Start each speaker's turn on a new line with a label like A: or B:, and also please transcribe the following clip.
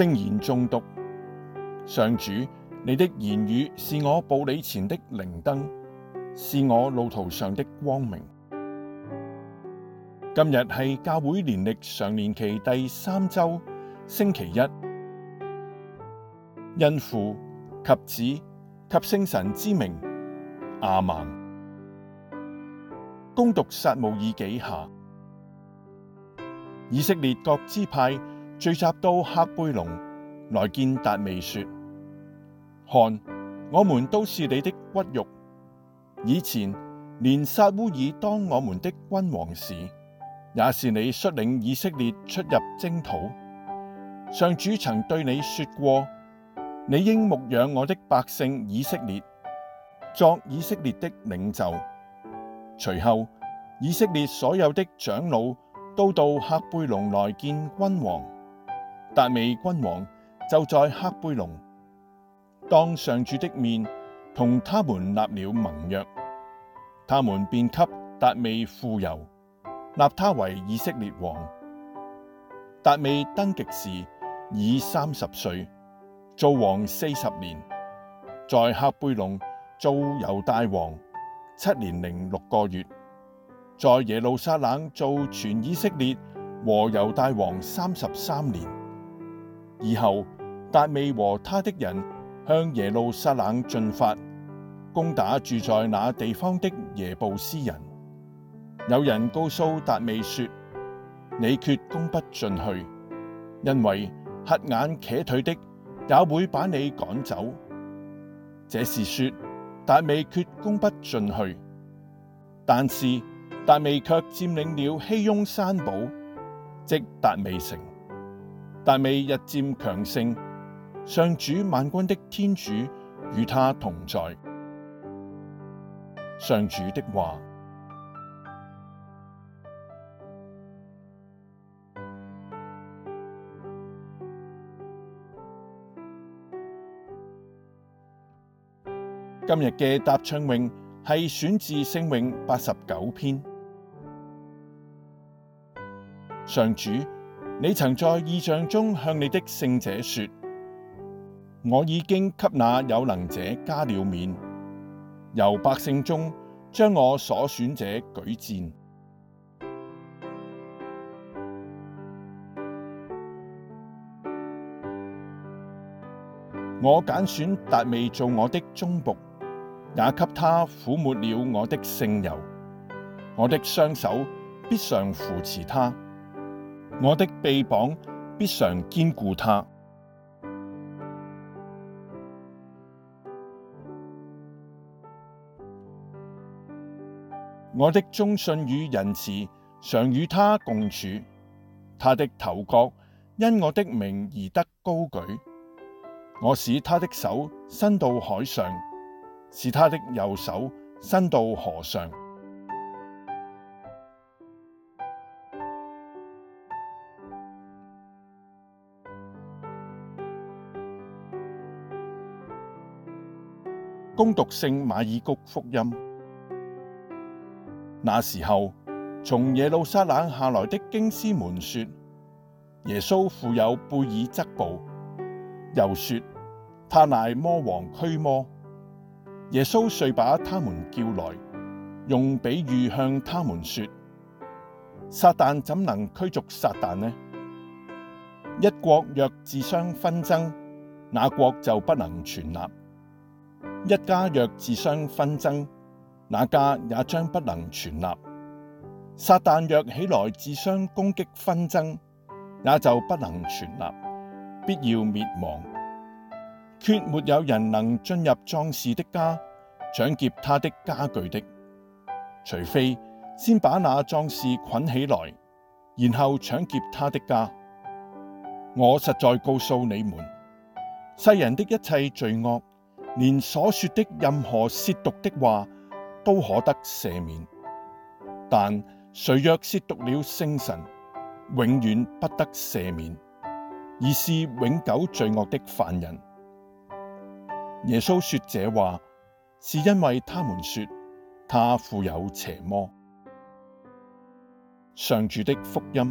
A: 聖言誦讀，上主，你的言語是我步履前的靈燈，是我路途上的光明。今日係教會年曆常年期第三周，星期一。因父及子及聖神之名，阿門。恭讀撒慕爾紀下，以色列各支派聚集到赫貝龍來見達味說：看，我們都是你的骨肉。以前連撒烏耳當我們的君王時，也是你率領以色列出入征討。上主曾對你說過：你應牧養我的百姓以色列，作以色列的領袖。隨後，以色列所有的長老都到赫貝龍來見君王。達味君王就在赫貝龍當上主的面，同他們立了盟約。他們便給達味傅油，立他為以色列王。達味登極時已三十歲，做王四十年，在赫貝龍做猶大王七年零六個月，在耶路撒冷做全以色列和猶大王三十三年。以後，達味和他的人向耶路撒冷進發，攻打住在那地方的耶步斯人。有人告訴達味說：「你決攻不進去，因為瞎眼瘸腿的也會把你趕走。」這是說，達味決攻不進去。但是達味卻佔領了熙雍山堡，即達味城。達味日漸強盛，上主萬軍的天主與他同在。上主的話。今日嘅答唱詠係選自聖詠八十九篇，上主。你曾在異象中向你的聖者說：我已經給那有能者加了冕，由百姓中將我所選者舉薦。我揀選達味做我的忠僕，也給他傅抹了我的聖油。我的雙手必常扶持他。我的臂膀必常堅固他，我的忠信與仁慈常與他共處，他的頭角因我的名而得高舉，我使他的手伸到海上，使他的右手伸到河上。恭讀聖馬爾谷福音。那時候，從耶路撒冷下來的經師們說，耶穌附有貝耳則步，又說他賴魔王驅魔。耶穌遂把他們叫來，用比喻向他們說：撒殫怎能驅逐撒殫呢？一國若自相紛爭，那國就不能存立。一家若自相紛爭，那家也將不能存立；撒旦若起來自相攻擊紛爭，也就不能存立，必要滅亡。決沒有人能進入壯士的家搶劫他的家具的，除非先把那壯士捆起來，然後搶劫他的家。我實在告訴你們，世人的一切罪惡，連所說的任何褻瀆的話都可得赦免，但誰若褻瀆了聖神，永遠不得赦免，而是永久罪惡的犯人。耶穌說這話，是因為他們說他附有邪魔。上主的福音。